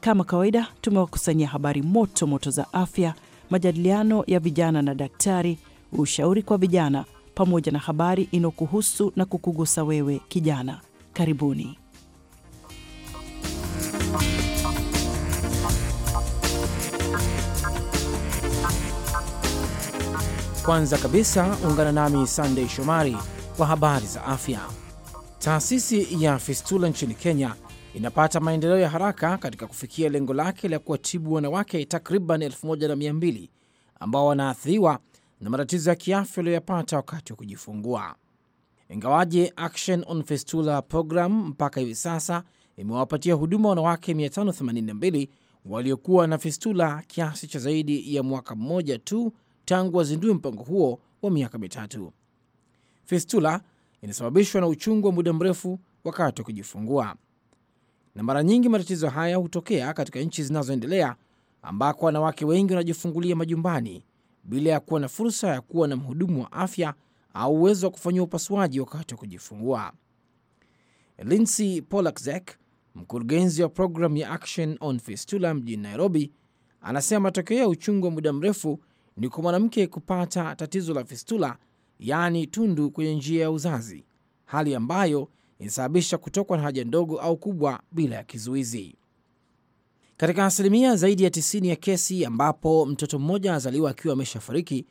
Kama kawaida, tumewakusanyia habari moto moto za afya, majadiliano ya vijana na daktari, ushauri kwa vijana, pamoja na habari inayokuhusu na kukugusa wewe kijana. Karibuni. Kwanza kabisa ungana nami sandey Shomari kwa habari za afya. Taasisi ya fistula nchini Kenya inapata maendeleo ya haraka katika kufikia lengo lake la kuwatibu wanawake takriban 1200 ambao wanaathiriwa na matatizo ya kiafya walioyapata wakati wa kujifungua. Ingawaje Action on Fistula program mpaka hivi sasa imewapatia huduma wanawake 582 waliokuwa na fistula, kiasi cha zaidi ya mwaka mmoja tu tangu wazindue mpango huo wa miaka mitatu. Fistula inasababishwa na uchungu wa muda mrefu wakati wa kujifungua na mara nyingi matatizo haya hutokea katika nchi zinazoendelea ambako wanawake wengi wanajifungulia majumbani bila ya kuwa na fursa ya kuwa na mhudumu wa afya au uwezo wa kufanyia upasuaji wakati wa kujifungua. Lindsay Polakzek, mkurugenzi wa programu ya Action on Fistula mjini Nairobi, anasema matokeo ya uchungu wa muda mrefu ni kwa mwanamke kupata tatizo la fistula, yaani tundu kwenye njia ya uzazi, hali ambayo inasababisha kutokwa na haja ndogo au kubwa bila ya kizuizi. Katika asilimia zaidi ya 90 ya kesi ambapo mtoto mmoja anazaliwa akiwa ameshafariki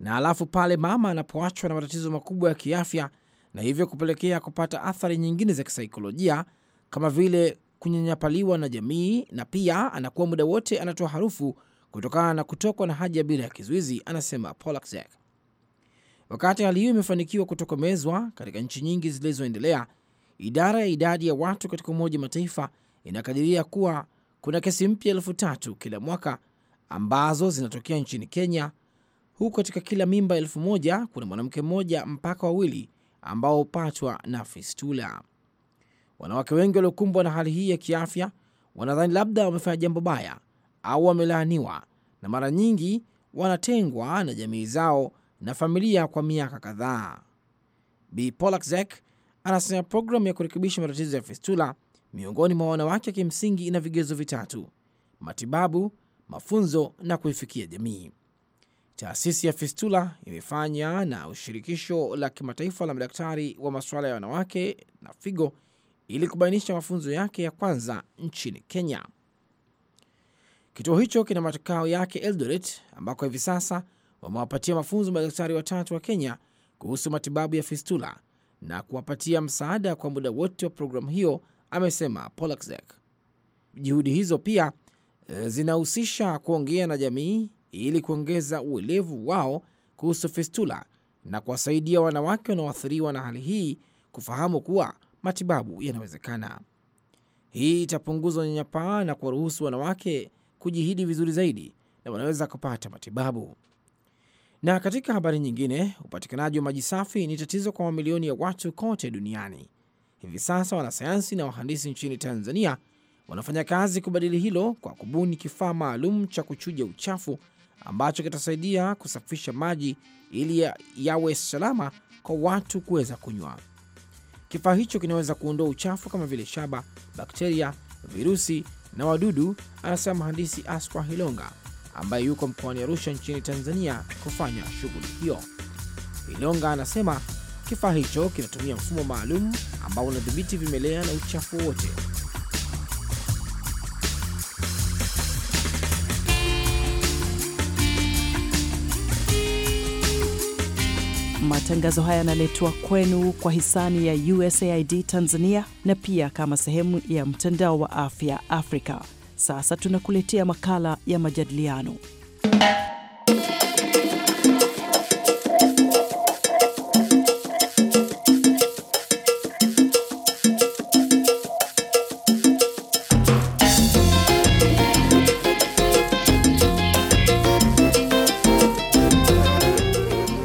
na alafu pale mama anapoachwa na matatizo makubwa ya kiafya na hivyo kupelekea kupata athari nyingine za kisaikolojia kama vile kunyanyapaliwa na jamii, na pia anakuwa muda wote anatoa harufu kutokana na kutokwa na haja bila ya kizuizi, anasema Polaczek. Wakati hali hiyo imefanikiwa kutokomezwa katika nchi nyingi zilizoendelea, Idara ya idadi ya watu katika Umoja Mataifa inakadiria kuwa kuna kesi mpya elfu tatu kila mwaka ambazo zinatokea nchini Kenya, huku katika kila mimba elfu moja kuna mwanamke mmoja mpaka wawili ambao hupatwa na fistula. Wanawake wengi waliokumbwa na hali hii ya kiafya wanadhani labda wamefanya jambo baya au wamelaaniwa, na mara nyingi wanatengwa na jamii zao na familia kwa miaka kadhaa. Bi anasema programu ya kurekebisha matatizo ya fistula miongoni mwa wanawake kimsingi ina vigezo vitatu: matibabu, mafunzo na kuifikia jamii. Taasisi ya Fistula imefanya na ushirikisho la kimataifa la madaktari wa masuala ya wanawake na figo ili kubainisha mafunzo yake ya kwanza nchini Kenya. Kituo hicho kina matakao yake Eldoret, ambako hivi sasa wamewapatia mafunzo madaktari watatu wa Kenya kuhusu matibabu ya fistula na kuwapatia msaada kwa muda wote wa programu hiyo, amesema Polaczek. Juhudi hizo pia eh, zinahusisha kuongea na jamii ili kuongeza uelevu wao kuhusu fistula na kuwasaidia wanawake wanaoathiriwa na hali hii kufahamu kuwa matibabu yanawezekana. Hii itapunguza unyanyapaa na kuwaruhusu wanawake kujihidi vizuri zaidi na wanaweza kupata matibabu. Na katika habari nyingine, upatikanaji wa maji safi ni tatizo kwa mamilioni ya watu kote duniani. Hivi sasa wanasayansi na wahandisi nchini Tanzania wanafanya kazi kubadili hilo kwa kubuni kifaa maalum cha kuchuja uchafu ambacho kitasaidia kusafisha maji ili yawe salama kwa watu kuweza kunywa. Kifaa hicho kinaweza kuondoa uchafu kama vile shaba, bakteria, virusi na wadudu, anasema mhandisi askwa Hilonga ambaye yuko mkoani Arusha nchini Tanzania kufanya shughuli hiyo. Ilonga anasema kifaa hicho kinatumia mfumo maalum ambao unadhibiti vimelea na uchafu wote. Matangazo haya yanaletwa kwenu kwa hisani ya USAID Tanzania na pia kama sehemu ya mtandao wa afya Afrika sasa tunakuletea makala ya majadiliano.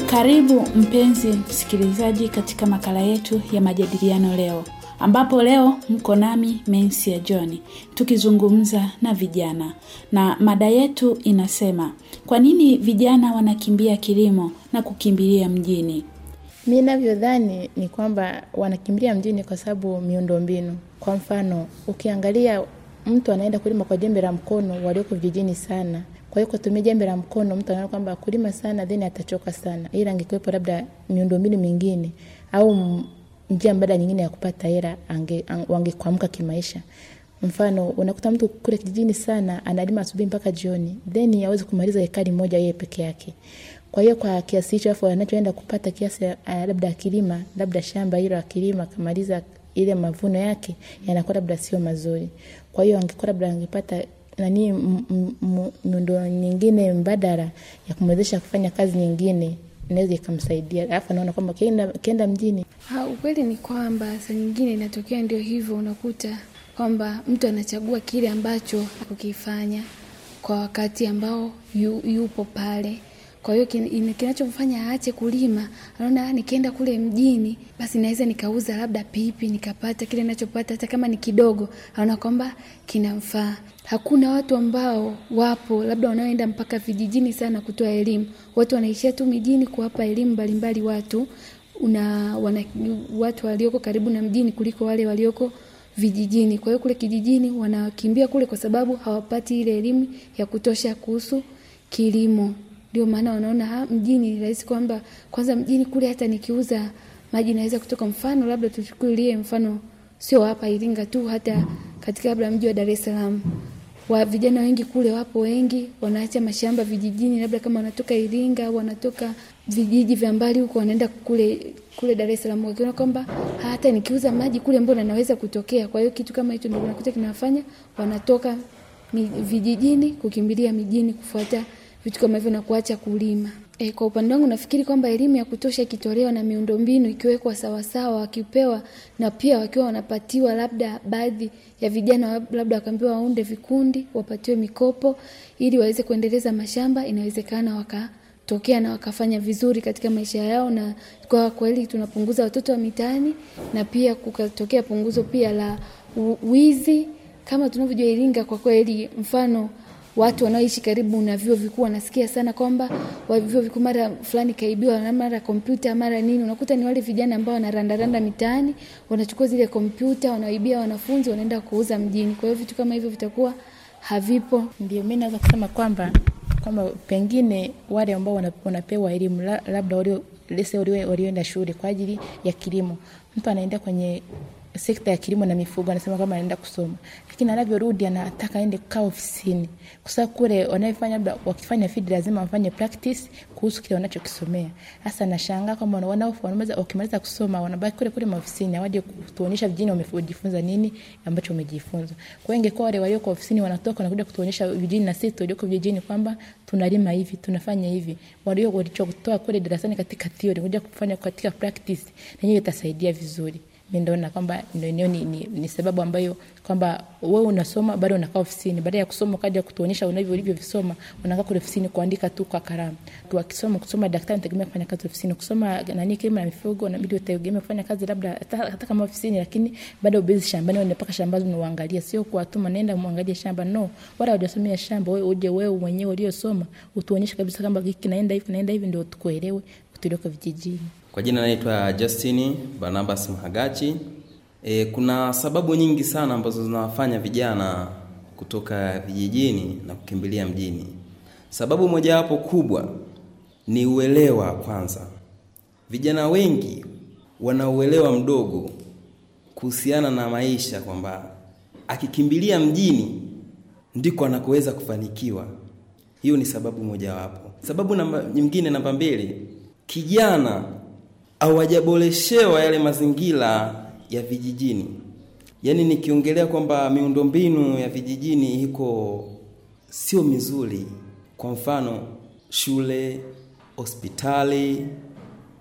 Karibu mpenzi msikilizaji katika makala yetu ya majadiliano leo ambapo leo mko nami Mensia John tukizungumza na vijana, na mada yetu inasema kwa nini vijana wanakimbia kilimo na kukimbilia mjini? Mi navyodhani ni kwamba wanakimbilia mjini kwa sababu miundombinu. Kwa mfano, ukiangalia mtu anaenda kulima kwa jembe la mkono walioko vijijini sana. Kwa hiyo kutumia jembe la mkono, mtu anaona kwamba kulima sana then atachoka sana, ila angekuwepo labda miundombinu mingine au njia mbadala nyingine ya kupata hela wangekuamka kimaisha. Mfano, unakuta mtu kule kijijini sana analima asubuhi mpaka jioni, then awezi kumaliza hekari moja yeye peke yake. Kwa hiyo kwa kiasi hicho, afu anachoenda kupata kiasi, eh, labda akilima, labda shamba hilo akilima akamaliza ile mavuno yake yanakuwa labda sio mazuri. Kwa hiyo angekuwa labda angepata nani miundo nyingine mbadala ya kumwezesha kufanya kazi nyingine, inaweza ikamsaidia. Alafu anaona kwamba kenda mjini Ha, ah, ukweli ni kwamba saa nyingine inatokea ndio hivyo, unakuta kwamba mtu anachagua kile ambacho kukifanya kwa wakati ambao yu, yupo pale. Kwa hiyo kinachomfanya aache kulima, anaona ah, nikienda kule mjini, basi naweza nikauza labda pipi nikapata kile ninachopata, hata kama ni kidogo, anaona kwamba kinamfaa. Hakuna watu ambao wapo labda wanaoenda mpaka vijijini sana kutoa elimu, watu wanaishia tu mijini kuwapa elimu mbalimbali watu una wana, watu walioko karibu na mjini kuliko wale walioko vijijini. Kwa hiyo kule kijijini wanakimbia kule kwa sababu hawapati ile elimu ya kutosha kuhusu kilimo. Ndio maana wanaona ha, ah, mjini ni rahisi kwamba kwanza mjini kule hata nikiuza maji naweza kutoka. Mfano labda tuchukulie mfano sio hapa Iringa tu, hata katika labda mji wa Dar es Salaam wa vijana wengi kule wapo wengi wanaacha mashamba vijijini, labda kama wanatoka Iringa au wanatoka vijiji vya mbali huko, wanaenda kule kule Dar es Salaam, wakiona kwamba hata nikiuza maji kule, mbona naweza kutokea. Kwa hiyo kitu kama hicho ndio unakuta kinawafanya wanatoka vijijini kukimbilia mijini kufuata vitu kama hivyo na kuacha kulima. E, kwa upande wangu nafikiri kwamba elimu ya kutosha ikitolewa na miundombinu ikiwekwa sawasawa, wakipewa na pia wakiwa wanapatiwa, labda baadhi ya vijana labda wakaambiwa waunde vikundi, wapatiwe mikopo ili waweze kuendeleza mashamba, inawezekana wakatokea na wakafanya vizuri katika maisha yao, na kwa kweli tunapunguza watoto wa mitaani na pia kukatokea punguzo pia la wizi kama tunavyojua Iringa, kwa kweli mfano watu wanaoishi karibu na vyuo vikuu wanasikia sana kwamba vyuo vikuu mara fulani kaibiwa, mara kompyuta, mara nini. Unakuta ni wale vijana ambao wanarandaranda mitaani, wanachukua zile kompyuta, wanaibia wanafunzi, wanaenda kuuza mjini. Kwa hiyo vitu kama hivyo vitakuwa havipo. Ndio mi naweza kusema kwamba kwamba pengine wale ambao wanapewa elimu labda walioenda shule kwa ajili ya kilimo, mtu anaenda kwenye sekta ya kilimo na mifugo, anasema kama anaenda kusoma, lakini anavyorudi anataka aende kukaa ofisini, kwa sababu kule wanaefanya labda wakifanya field lazima wafanye practice kuhusu kile wanachokisomea. Sasa nashangaa kama wanaoweza wakimaliza kusoma wanabaki kule kule maofisini, hawaje kutuonyesha vijijini wamejifunza nini ambacho wamejifunza. Kwa hiyo ingekuwa wale walioko ofisini wanatoka wanakuja kutuonyesha vijijini, na sisi tulioko vijijini kwamba tunalima hivi, tunafanya hivi, walio walichotoa kule darasani katika theory kuja kufanya katika practice, na hiyo itasaidia vizuri mi ndaona kwamba ndio ni, ni, ni sababu ambayo kwamba wewe unasoma bado unakaa ofisini, baada ya kusoma ukaja kutuonyesha unavyo ulivyovisoma, unakaa kule ofisini kuandika tu kwa kalamu tu. Akisoma kusoma daktari anategemea kufanya kazi ofisini, kusoma nani kilimo na mifugo unabidi utegemea kufanya kazi labda hata kama ofisini, lakini bado ubezi shambani, uende mpaka shambani unaangalia, sio kuwatuma tu nenda muangalie shamba no, wala hujasomea shamba wewe, uje wewe mwenyewe uliosoma utuonyeshe kabisa kwamba hiki kinaenda hivi kinaenda hivi, ndio tukuelewe kutoka vijijini. Kwa jina naitwa Justin Barnabas Mhagachi. E, kuna sababu nyingi sana ambazo zinawafanya vijana kutoka vijijini na kukimbilia mjini. Sababu mojawapo kubwa ni uelewa kwanza. Vijana wengi wana uelewa mdogo kuhusiana na maisha kwamba akikimbilia mjini ndiko anakoweza kufanikiwa. Hiyo ni sababu mojawapo. Sababu namba nyingine, namba mbili, kijana hawajaboreshewa yale mazingira ya vijijini. Yaani nikiongelea kwamba miundombinu ya vijijini iko sio mizuri, kwa mfano shule, hospitali,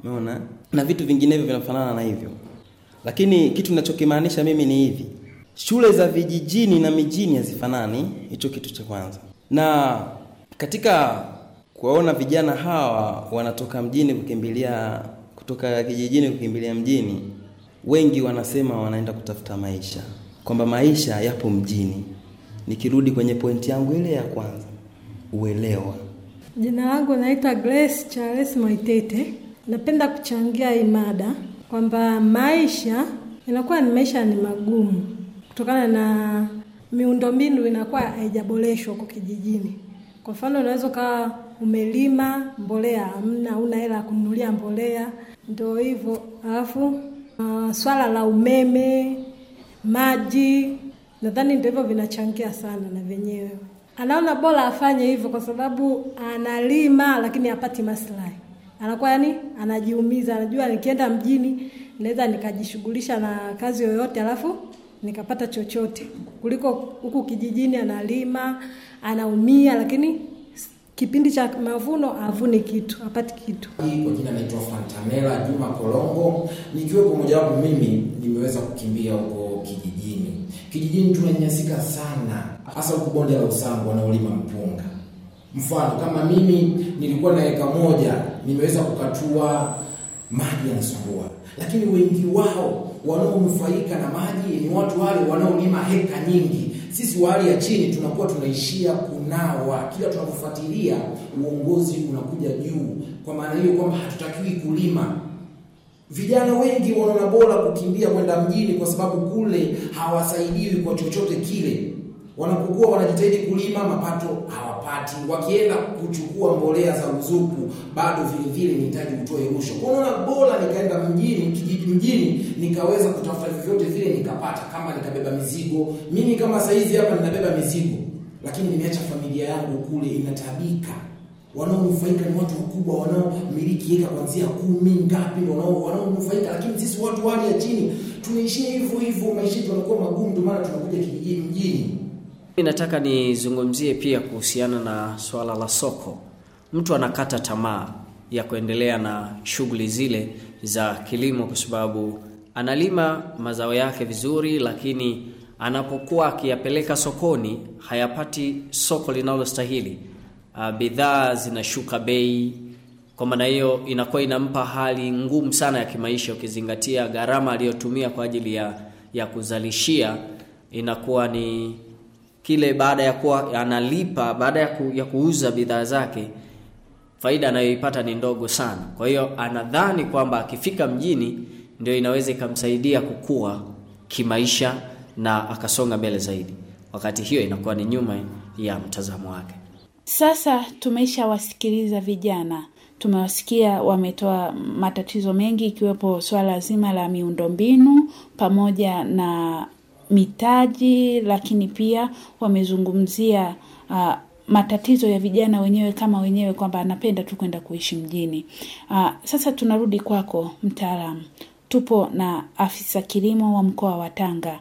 umeona na vitu vinginevyo vinafanana na hivyo, lakini kitu ninachokimaanisha mimi ni hivi: shule za vijijini na mijini hazifanani. Hicho kitu cha kwanza. Na katika kuwaona vijana hawa wanatoka mjini kukimbilia kutoka kijijini kukimbilia mjini, wengi wanasema wanaenda kutafuta maisha, kwamba maisha yapo mjini. Nikirudi kwenye pointi yangu ile ya kwanza, uelewa. Jina langu naitwa Grace Charles Maitete. Napenda kuchangia imada kwamba maisha inakuwa ni maisha ni magumu kutokana na miundombinu inakuwa haijaboreshwa huko kijijini. Kwa mfano, unaweza ukawa umelima mbolea hamna, una hela ya kununulia mbolea, ndio hivyo. Alafu uh, swala la umeme, maji, nadhani ndio hivyo vinachangia sana na vyenyewe. Anaona bora afanye hivyo kwa sababu analima, lakini hapati maslahi. Anakuwa yani anajiumiza, anajua nikienda mjini naweza nikajishughulisha na kazi yoyote alafu nikapata chochote kuliko huku kijijini, analima anaumia, lakini kipindi cha mavuno avune kitu apate kitu. kwa jina naitwa Fantamela Juma Kolongo, nikiwa pamoja mimi nimeweza kukimbia huko kijijini. Kijijini tunanyanyasika sana, hasa huko bonde la Usangu wanaolima mpunga. Mfano kama mimi nilikuwa na eka moja, nimeweza kukatua maji yanasumbua, lakini wengi wao wanaonufaika na maji ni watu wale wanaolima heka nyingi sisi wa hali ya chini tunakuwa tunaishia kunawa, kila tunapofuatilia uongozi unakuja juu. Kwa maana hiyo kwamba hatutakiwi kulima. Vijana wengi wanaona bora kukimbia kwenda mjini, kwa sababu kule hawasaidiwi kwa chochote kile wanapokuwa wanajitahidi kulima mapato hawapati, wakienda kuchukua mbolea za ruzuku bado vile vile nihitaji kutoa rusho. Kwa unaona, bora nikaenda mjini, kijiji mjini, nikaweza kutafuta vyovyote vile nikapata, kama nikabeba mizigo. Mimi kama saa hizi hapa ninabeba mizigo, lakini nimeacha familia yangu kule inatabika. Wanaonufaika ni watu wakubwa, wanaomiliki eka kuanzia kumi ngapi, ndio wanaonufaika, lakini sisi watu wale ya chini tunaishia hivyo hivyo, maisha yetu yanakuwa magumu. Ndio maana tunakuja kijijini mjini Nataka nizungumzie pia kuhusiana na swala la soko. Mtu anakata tamaa ya kuendelea na shughuli zile za kilimo kwa sababu analima mazao yake vizuri, lakini anapokuwa akiyapeleka sokoni hayapati soko linalostahili. Ah, bidhaa zinashuka bei, kwa maana hiyo inakuwa inampa hali ngumu sana ya kimaisha, ukizingatia gharama aliyotumia kwa ajili ya, ya kuzalishia inakuwa ni kile baada ya kuwa analipa baada ya, ku, ya kuuza bidhaa zake faida anayoipata ni ndogo sana kwa hiyo anadhani kwamba akifika mjini ndio inaweza ikamsaidia kukua kimaisha na akasonga mbele zaidi wakati hiyo inakuwa ni nyuma ya mtazamo wake sasa tumeshawasikiliza vijana tumewasikia wametoa matatizo mengi ikiwepo swala zima la miundombinu pamoja na mitaji, lakini pia wamezungumzia uh, matatizo ya vijana wenyewe kama wenyewe kwamba anapenda tu kwenda kuishi mjini. Uh, sasa tunarudi kwako mtaalamu. Tupo na afisa kilimo wa mkoa wa Tanga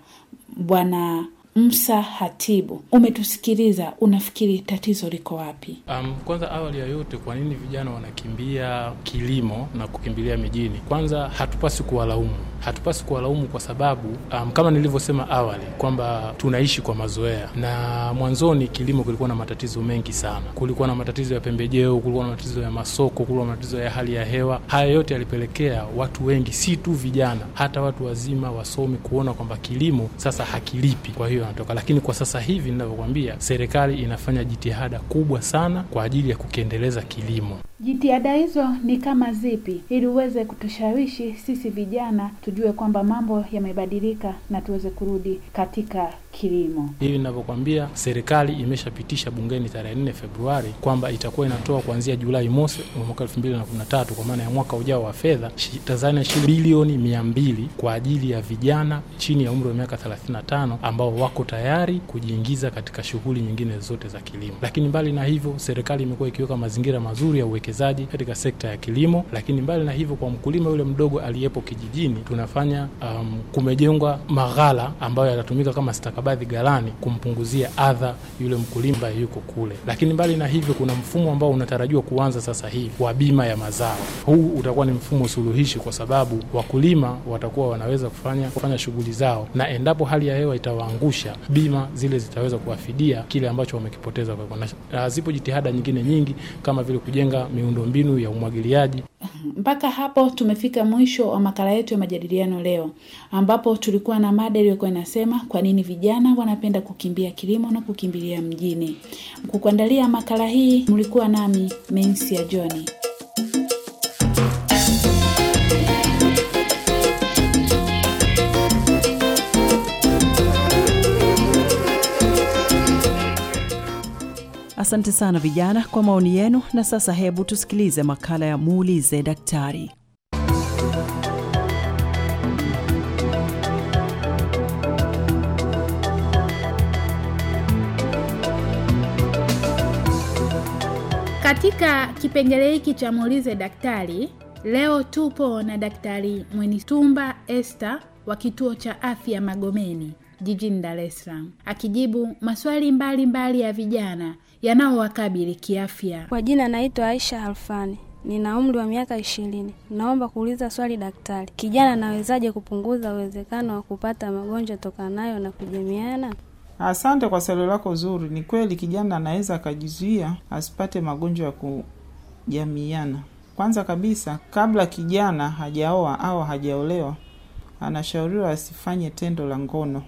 Bwana msa Hatibu, umetusikiliza, unafikiri tatizo liko wapi? Um, kwanza awali ya yote, kwa nini vijana wanakimbia kilimo na kukimbilia mijini? Kwanza hatupasi kuwalaumu, hatupasi kuwalaumu kwa sababu um, kama nilivyosema awali kwamba tunaishi kwa mazoea, na mwanzoni kilimo kulikuwa na matatizo mengi sana. Kulikuwa na matatizo ya pembejeo, kulikuwa na matatizo ya masoko, kulikuwa na matatizo ya hali ya hewa. Haya yote yalipelekea watu wengi, si tu vijana, hata watu wazima wasomi, kuona kwamba kilimo sasa hakilipi, kwa hiyo wanatoka. Lakini kwa sasa hivi ninavyokwambia, serikali inafanya jitihada kubwa sana kwa ajili ya kukiendeleza kilimo. Jitihada hizo ni kama zipi ili uweze kutushawishi sisi vijana tujue kwamba mambo yamebadilika na tuweze kurudi katika kilimo. Hivi ninavyokwambia, serikali imeshapitisha bungeni tarehe 4 Februari kwamba itakuwa inatoa kuanzia Julai mosi mwaka 2013 kwa maana ya mwaka ujao wa fedha Tanzania shilingi bilioni mbili kwa ajili ya vijana chini ya umri wa miaka 35 ambao wako tayari kujiingiza katika shughuli nyingine zote za kilimo. Lakini mbali na hivyo, serikali imekuwa ikiweka mazingira mazuri ya uweke uwekezaji katika sekta ya kilimo, lakini mbali na hivyo, kwa mkulima yule mdogo aliyepo kijijini tunafanya um, kumejengwa maghala ambayo yatatumika kama stakabadhi galani kumpunguzia adha yule mkulima ambaye yuko kule. Lakini mbali na hivyo, kuna mfumo ambao unatarajiwa kuanza sasa hivi wa bima ya mazao. Huu utakuwa ni mfumo suluhishi, kwa sababu wakulima watakuwa wanaweza kufanya, kufanya shughuli zao, na endapo hali ya hewa itawaangusha, bima zile zitaweza kuwafidia kile ambacho wamekipoteza. Zipo jitihada nyingine nyingi kama vile kujenga miundombinu ya umwagiliaji. Mpaka hapo tumefika mwisho wa makala yetu ya majadiliano leo, ambapo tulikuwa na mada iliyokuwa inasema kwa nini vijana wanapenda kukimbia kilimo na kukimbilia mjini. Kukuandalia makala hii mlikuwa nami Mensia Johni. Asante sana vijana kwa maoni yenu. Na sasa hebu tusikilize makala ya muulize daktari. Katika kipengele hiki cha muulize daktari, leo tupo na Daktari Mwenitumba este wa kituo cha afya Magomeni jijini Dar es Salaam, akijibu maswali mbalimbali mbali ya vijana yanaowakabili kiafya. Kwa jina naitwa Aisha Alfani, nina umri wa miaka ishirini. Naomba kuuliza swali daktari, kijana anawezaje kupunguza uwezekano wa kupata magonjwa tokanayo na kujamiana? Asante kwa swali lako zuri. Ni kweli kijana anaweza akajizuia asipate magonjwa ya kujamiana. Kwanza kabisa, kabla kijana hajaoa au hajaolewa, anashauriwa asifanye tendo la ngono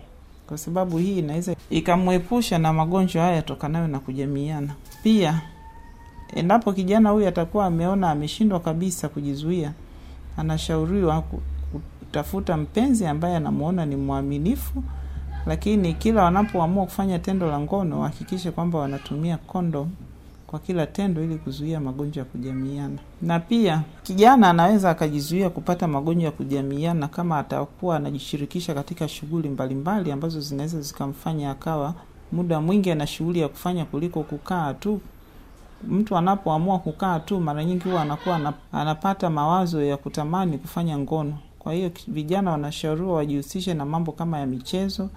kwa sababu hii inaweza ikamwepusha na magonjwa haya yatokanayo na kujamiana. Pia endapo kijana huyu atakuwa ameona ameshindwa kabisa kujizuia, anashauriwa kutafuta mpenzi ambaye anamuona ni mwaminifu, lakini kila wanapoamua kufanya tendo la ngono wahakikishe kwamba wanatumia kondom kwa kila tendo ili kuzuia magonjwa ya kujamiiana. Na pia kijana anaweza akajizuia kupata magonjwa ya kujamiiana kama atakuwa anajishirikisha katika shughuli mbalimbali ambazo zinaweza zikamfanya akawa muda mwingi ana shughuli ya kufanya kuliko kukaa tu. Mtu anapoamua kukaa tu, mara nyingi huwa anakuwa anapata mawazo ya kutamani kufanya ngono. Kwa hiyo vijana wanashauriwa wajihusishe na mambo kama ya michezo,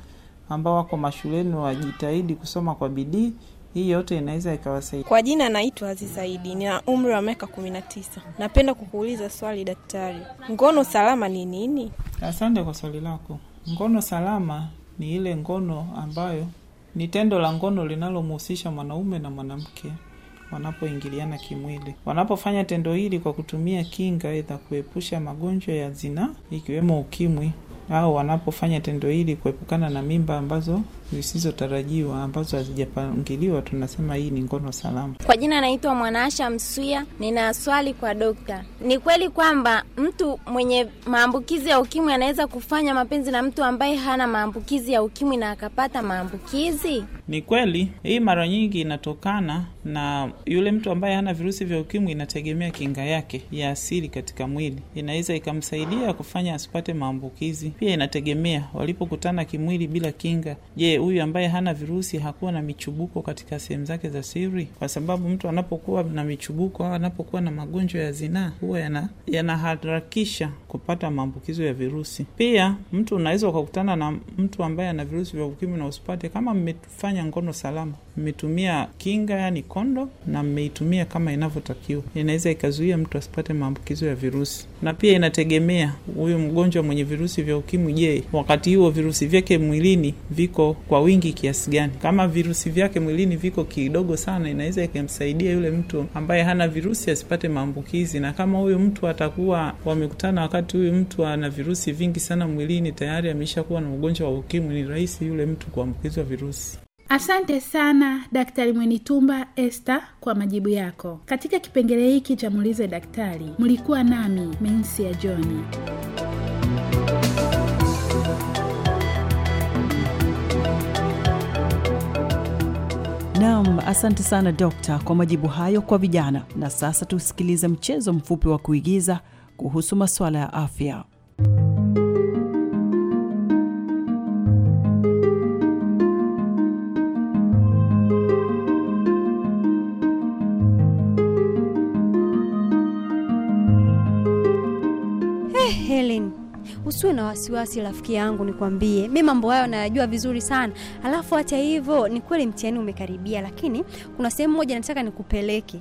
ambao wako mashuleni wajitahidi kusoma kwa bidii hii yote inaweza ikawasaidia. Kwa jina naitwa zaidi ni nina umri wa miaka kumi na tisa. Napenda kukuuliza swali daktari, ngono salama ni nini? Asante kwa swali lako. Ngono salama ni ile ngono ambayo ni tendo la ngono linalomhusisha mwanaume na mwanamke wanapoingiliana kimwili. Wanapofanya tendo hili kwa kutumia kinga, aidha kuepusha magonjwa ya zinaa ikiwemo ukimwi au wanapofanya tendo hili kuepukana na mimba ambazo zisizotarajiwa ambazo hazijapangiliwa, tunasema hii ni ngono salama. Kwa jina naitwa Mwanaasha Msuya, nina swali kwa dokta. Ni kweli kwamba mtu mwenye maambukizi ya ukimwi anaweza kufanya mapenzi na mtu ambaye hana maambukizi ya ukimwi na akapata maambukizi? Ni kweli, hii mara nyingi inatokana na yule mtu ambaye hana virusi vya ukimwi, inategemea kinga yake ya asili katika mwili, inaweza ikamsaidia kufanya asipate maambukizi. Pia inategemea walipokutana kimwili bila kinga. Je, huyu ambaye hana virusi hakuwa na michubuko katika sehemu zake za siri? Kwa sababu mtu anapokuwa na michubuko au anapokuwa na magonjwa ya zinaa huwa yanaharakisha yana kupata maambukizo ya virusi. Pia mtu unaweza ukakutana na mtu ambaye ana virusi vya ukimwi na usipate, kama mmefanya ngono salama mmetumia kinga, yani kondo, na mmeitumia kama inavyotakiwa, inaweza ikazuia mtu asipate maambukizo ya virusi. Na pia inategemea huyu mgonjwa mwenye virusi vya ukimwi, je, wakati huo virusi vyake mwilini viko kwa wingi kiasi gani? Kama virusi vyake mwilini viko kidogo sana, inaweza ikamsaidia yule mtu ambaye hana virusi asipate maambukizi. Na kama huyu mtu atakuwa wamekutana, wakati huyu mtu ana virusi vingi sana mwilini, tayari ameisha kuwa na ugonjwa wa ukimwi, ni rahisi yule mtu kuambukizwa virusi. Asante sana Daktari Mwenitumba Esther kwa majibu yako. Katika kipengele hiki cha Muulize Daktari mlikuwa nami Mensi ya Johni. Naam, asante sana dokta kwa majibu hayo kwa vijana. Na sasa tusikilize mchezo mfupi wa kuigiza kuhusu masuala ya afya. usiwe na wasiwasi rafiki yangu, nikwambie mi mambo hayo nayajua vizuri sana. Alafu hata hivyo ni kweli mtihani umekaribia, lakini kuna sehemu moja nataka nikupeleke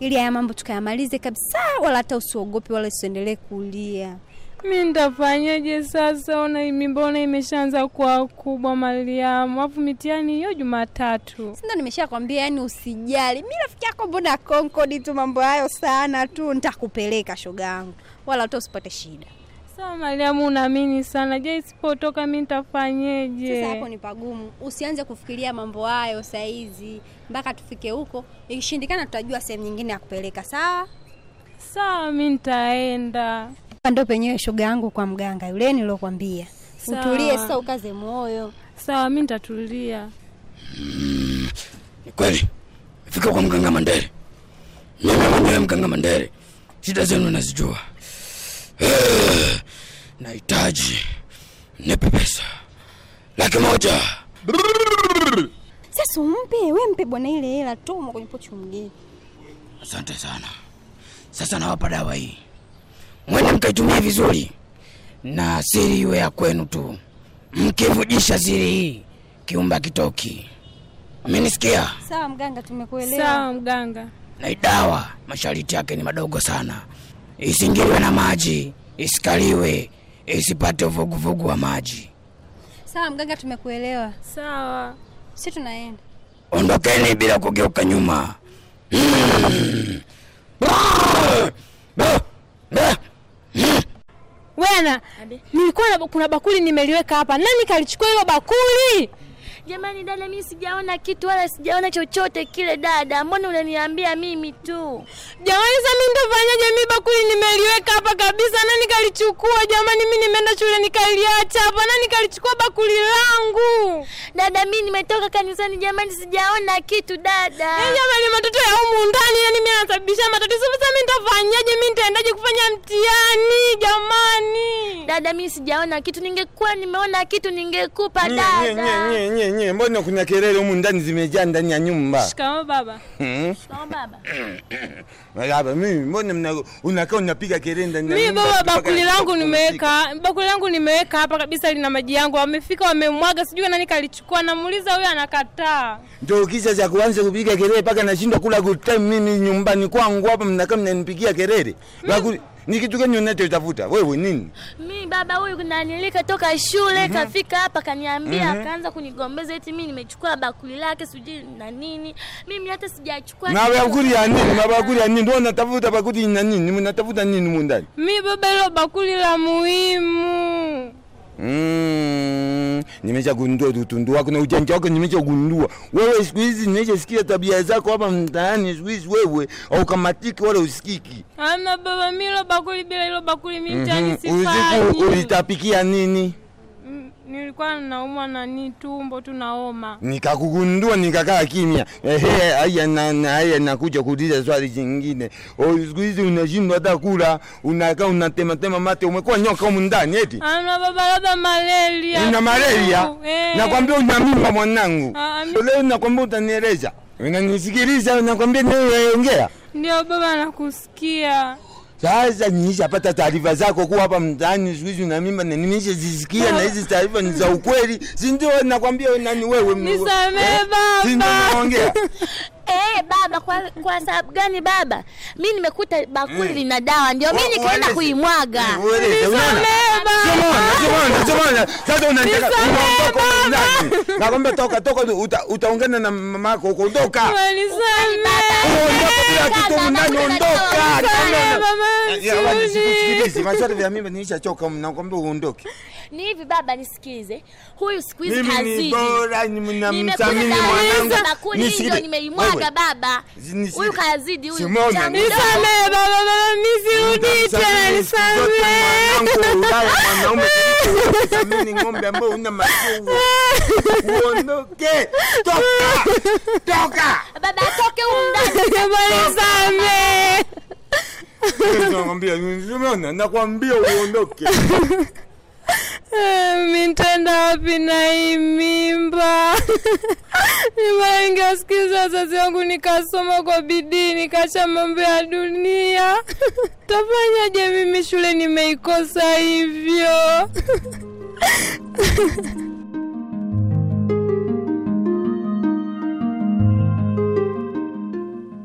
ili haya mambo tukayamalize kabisa, wala hata usiogope wala usiendelee kulia. Mi ntafanyaje sasa? Ona mimbona imeshaanza kuwa kubwa, Mariamu, afu mitiani hiyo Jumatatu. Sindo nimesha kwambia yani usijali. Mi rafiki yako mbona konkodi tu mambo hayo sana tu, ntakupeleka shoga yangu, wala hata usipate shida. Sawa Mariamu, unaamini sana. Je, isipotoka mimi nitafanyeje? Sasa hapo ni pagumu, usianze kufikiria mambo hayo saizi mpaka tufike huko. Ikishindikana tutajua sehemu nyingine ya kupeleka. Sawa sawa, mi nitaenda. Ndo penyewe shoga yangu kwa mganga yule nilokwambia, utulie sasa, ukaze moyo. Sawa, mi nitatulia. Mm, ni kweli fika kwa mganga Mandere, mimi mwenyewe mganga Mandere, shida zenu nazijua nahitaji nipe pesa laki moja. Sasa umpe we, mpe bwana ile hela, tuma kwenye pochi mgeni. Asante sana. Sasa nawapa dawa hii, mwende mkaitumia vizuri, na siri iwe ya kwenu tu. Mkivujisha siri hii, kiumba kitoki Amenisikia? Sawa mganga, tumekuelewa. Sawa mganga. Na dawa mashariti yake ni madogo sana isingiliwe na maji, isikaliwe, isipate uvuguvugu wa maji. Sawa mganga, tumekuelewa. Sawa, si tunaenda. Ondokeni bila kugeuka nyuma. Wena, nilikuwa kuna bakuli nimeliweka hapa, nani kalichukua hilo bakuli? Jamani dada, mimi sijaona kitu wala sijaona chochote kile. Dada, mbona unaniambia mimi tu? Jamani, sasa mimi nitafanyaje? Mimi bakuli nimeliweka hapa kabisa, nani kalichukua? Jamani, mimi nimeenda shule nikaliacha hapa, nani kalichukua bakuli langu? Dada, mimi nimetoka kanisani, jamani, sijaona kitu dada. Hey, eh, jamani, matoto ya humu ndani, yani mimi nasababisha matatizo. Sasa mimi nitafanyaje? Mimi nitaendaje kufanya mtihani? Jamani dada, mimi sijaona kitu, ningekuwa nimeona kitu ningekupa dada. nye, nye, nye, nye, nye nye, mbona kuna kelele humu ndani zimejaa ndani ya nyumba? Shikamo baba. Hmm? Shikamo baba. mimi mbona unakaa unapiga kelele ndani ya nyumba? Mimi baba, bakuli langu nimeweka, bakuli langu nimeweka hapa kabisa, lina maji yangu. Wamefika wamemwaga, sijui nani kalichukua. Namuuliza huyo anakataa. Ndio kisa cha kuanza kupiga kelele mpaka nashindwa kula good time mimi nyumbani kwangu hapa, mnakaa mnanipigia kelele. Bakuli ni kitu gani unachotafuta wewe nini? Mi baba huyu kunanilika toka shule mm -hmm. Kafika hapa kaniambia mm -hmm. Akaanza kunigombeza eti mimi nimechukua bakuli lake sijui na nini. Mimi hata sijachukua. Na bakuli ya nini? Na bakuli ya nini? Ndio natafuta bakuli na nini? Mnatafuta nini mundani? Mi baba, hilo bakuli la muhimu Mm, nimeshagundua tutundu wako na ujanja wako, nimeshagundua wewe. Siku hizi nimeshasikia tabia zako hapa mtaani. Siku hizi wewe aukamatiki wala usikiki. Ama baba, milo bakuli bila hilo bakuli mimi mhm, mtaani. mm ulitapikia nini? nilikuwa naumwa na ni tumbo tu naoma, nikakugundua nikakaa kimya. Ehe, aya na, na haya nakuja kuuliza swali jingine. Siku hizi unashindwa hata kula, unakaa unatema tema mate, umekuwa nyoka humu ndani eti? Ana ah, baba, labda malaria. ina malaria? e. Nakwambia una mimba mwanangu. Ah, ah, leo nakwambia utanieleza. Unanisikiliza? Nakwambia niwe ongea. Ndio baba, nakusikia. Sasa nishapata taarifa zako kuwa hapa mtaani siku hizi una mimba na nimeshazisikia na hizi taarifa ni za ukweli. Si ndio nakwambia nani wewe? Nisamehe baba. Eh, si ndio naongea? Eh, baba kwa, kwa sababu gani baba? Mimi nimekuta bakuli mm. lina mm. dawa ndio mimi nikaenda kuimwaga. Sasa unataka unaondoka Nakwambia toka toka utaongana na mamako huko. Toka. Nisamehe. Kila kitu mnaniondoka. Eh, Sikilizi, maswali vya mimi nishachoka, mnakwambia uondoke. Ni hivi baba, nisikize. Huyu siku hizi kazini. Mimi bora mnamthamini mwanangu. Bakuli nimeimwaga baba. Huyu kazidi huyu. Nisamehe baba, baba nisirudi tena, nisamehe. Mwanangu ulaya mwanaume thamini ng'ombe ambayo una maziwa. Uondoke. Toka. Toka. Baba atoke huko ndani. Nisamehe. Nakwambia, nimeona nakwambia uondoke. Mimi eh, nitaenda wapi na hii mimba? Mimba wazazi wangu, nikasoma kwa bidii, nikaacha mambo ya dunia. Tafanyaje mimi? Shule nimeikosa hivyo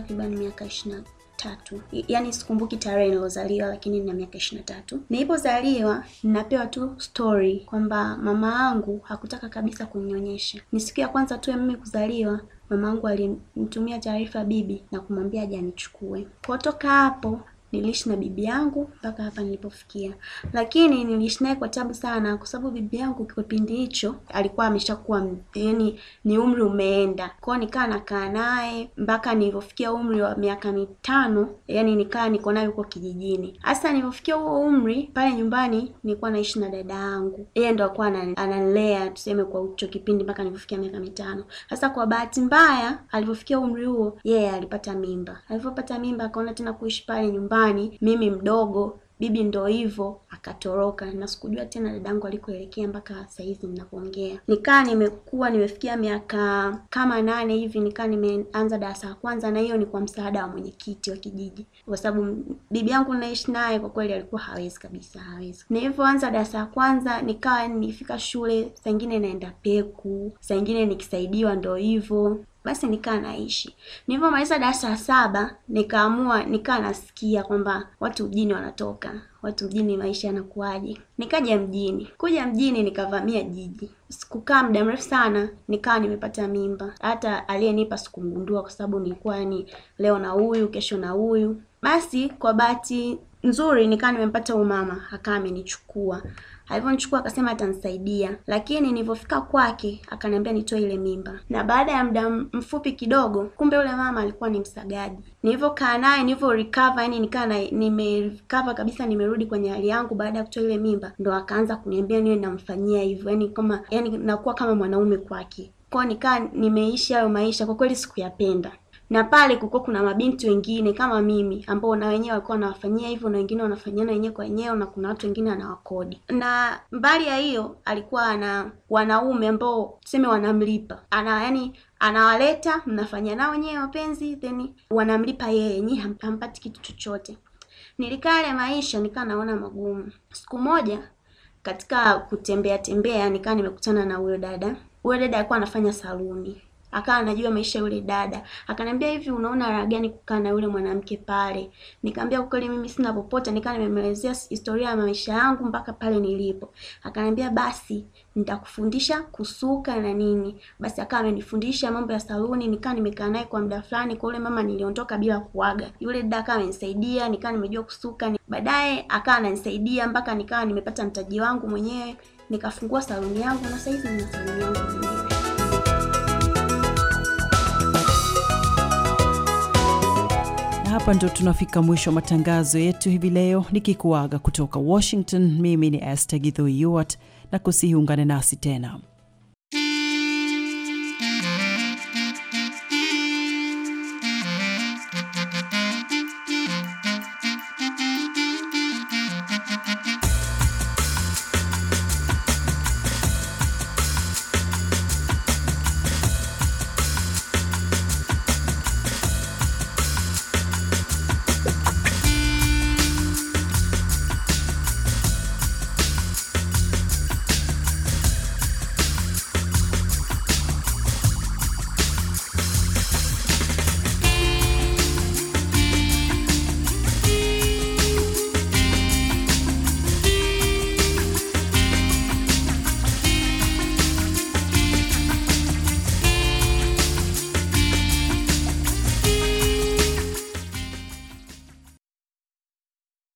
takriban miaka ishirini na tatu. Yaani sikumbuki tarehe nilozaliwa lakini nina miaka ishirini na tatu. Nilipozaliwa ninapewa tu story kwamba mama yangu hakutaka kabisa kunionyesha. Ni siku ya kwanza tu ya mimi kuzaliwa mamangu alimtumia taarifa bibi na kumwambia ajanichukue. toka hapo niliishi na bibi yangu mpaka hapa nilipofikia, lakini niliishi naye kwa tabu sana, kwa sababu bibi yangu kipindi hicho alikuwa ameshakuwa yani, ni umri umeenda kwao, nikaa nakaa naye mpaka nilipofikia umri wa miaka mitano, yani nikaa niko naye huko kijijini. Hasa nilipofikia huo umri pale nyumbani, nilikuwa naishi na dada yangu, yeye ndo alikuwa ananilea tuseme, kwa hicho kipindi mpaka nilipofikia miaka mitano. Sasa kwa bahati mbaya, alipofikia umri huo, yeye yeah, alipata mimba. Alipopata mimba, akaona tena kuishi pale nyumbani nyumbani, mimi mdogo, bibi ndo hivyo, akatoroka na sikujua tena dadangu alikoelekea mpaka sasa hivi ninapoongea. Nikaa nimekuwa nimefikia miaka kama nane hivi, nikaa nimeanza darasa la kwanza, na hiyo ni kwa msaada wa mwenyekiti wa kijiji, kwa sababu bibi yangu naishi naye kwa kweli alikuwa hawezi kabisa, hawezi. Nilivyoanza darasa la kwanza, nikawa nifika shule, saa ingine naenda peku, saa ingine nikisaidiwa, ndo hivyo basi nikaa naishi. Nilipomaliza darasa la saba, nikaamua nikaa nasikia kwamba watu mjini wanatoka, watu mjini maisha yanakuaje. Nikaja mjini, kuja mjini nikavamia jiji. Sikukaa muda mrefu sana, nikaa nimepata mimba. Hata aliyenipa sikumgundua kwa sababu nilikuwa ni yaani, leo na huyu, kesho na huyu. Basi kwa bahati nzuri nikaa nimempata umama, akaa amenichukua alivyonichukua akasema atanisaidia, lakini nilivyofika kwake akaniambia nitoe ile mimba, na baada ya muda mfupi kidogo, kumbe yule mama alikuwa ni msagaji. Nilivyokaa naye nilivyo recover, yani nikaa na nime recover kabisa, nimerudi kwenye hali yangu baada ya kutoa ile mimba, ndo akaanza kuniambia niwe namfanyia hivyo, yani kama yani nakuwa kama mwanaume kwake kwao, nikaa nimeishi hayo maisha, kwa kweli sikuyapenda na pale kulikuwa kuna mabinti wengine kama mimi ambao na wenyewe walikuwa wanawafanyia hivyo na wengine wanafanyiana wenyewe kwa wenyewe na kuna watu wengine anawakodi. Na mbali ya hiyo, alikuwa ana wanaume ambao tuseme wanamlipa ana yani anawaleta mnafanya nao wenyewe wapenzi, then wanamlipa yeye, nyie hampati kitu chochote. Nilikaa maisha nikaa naona magumu. Siku moja katika kutembea tembea, nikaa nimekutana na huyo dada. Huyo dada alikuwa anafanya saluni akawa anajua maisha yule dada. Akaniambia, hivi unaona raha gani kukaa na yule mwanamke pale? Nikamwambia, ukweli, mimi sina popote, nikawa nimemwelezea historia ya maisha yangu mpaka pale nilipo. Akaniambia, basi nitakufundisha kusuka na nini. Basi akawa amenifundisha mambo ya saluni, nikawa nimekaa naye kwa muda fulani. Kwa yule mama niliondoka bila kuaga, yule dada akawa amenisaidia, nikawa nimejua kusuka. Baadaye akawa ananisaidia mpaka nikawa nimepata mtaji wangu mwenyewe, nikafungua saluni yangu na sasa hivi ni saluni yangu mwenyewe. hapa ndo tunafika mwisho wa matangazo yetu hivi leo, nikikuaga kutoka Washington. Mimi ni este Githo Yuart, na kusihiungane nasi tena.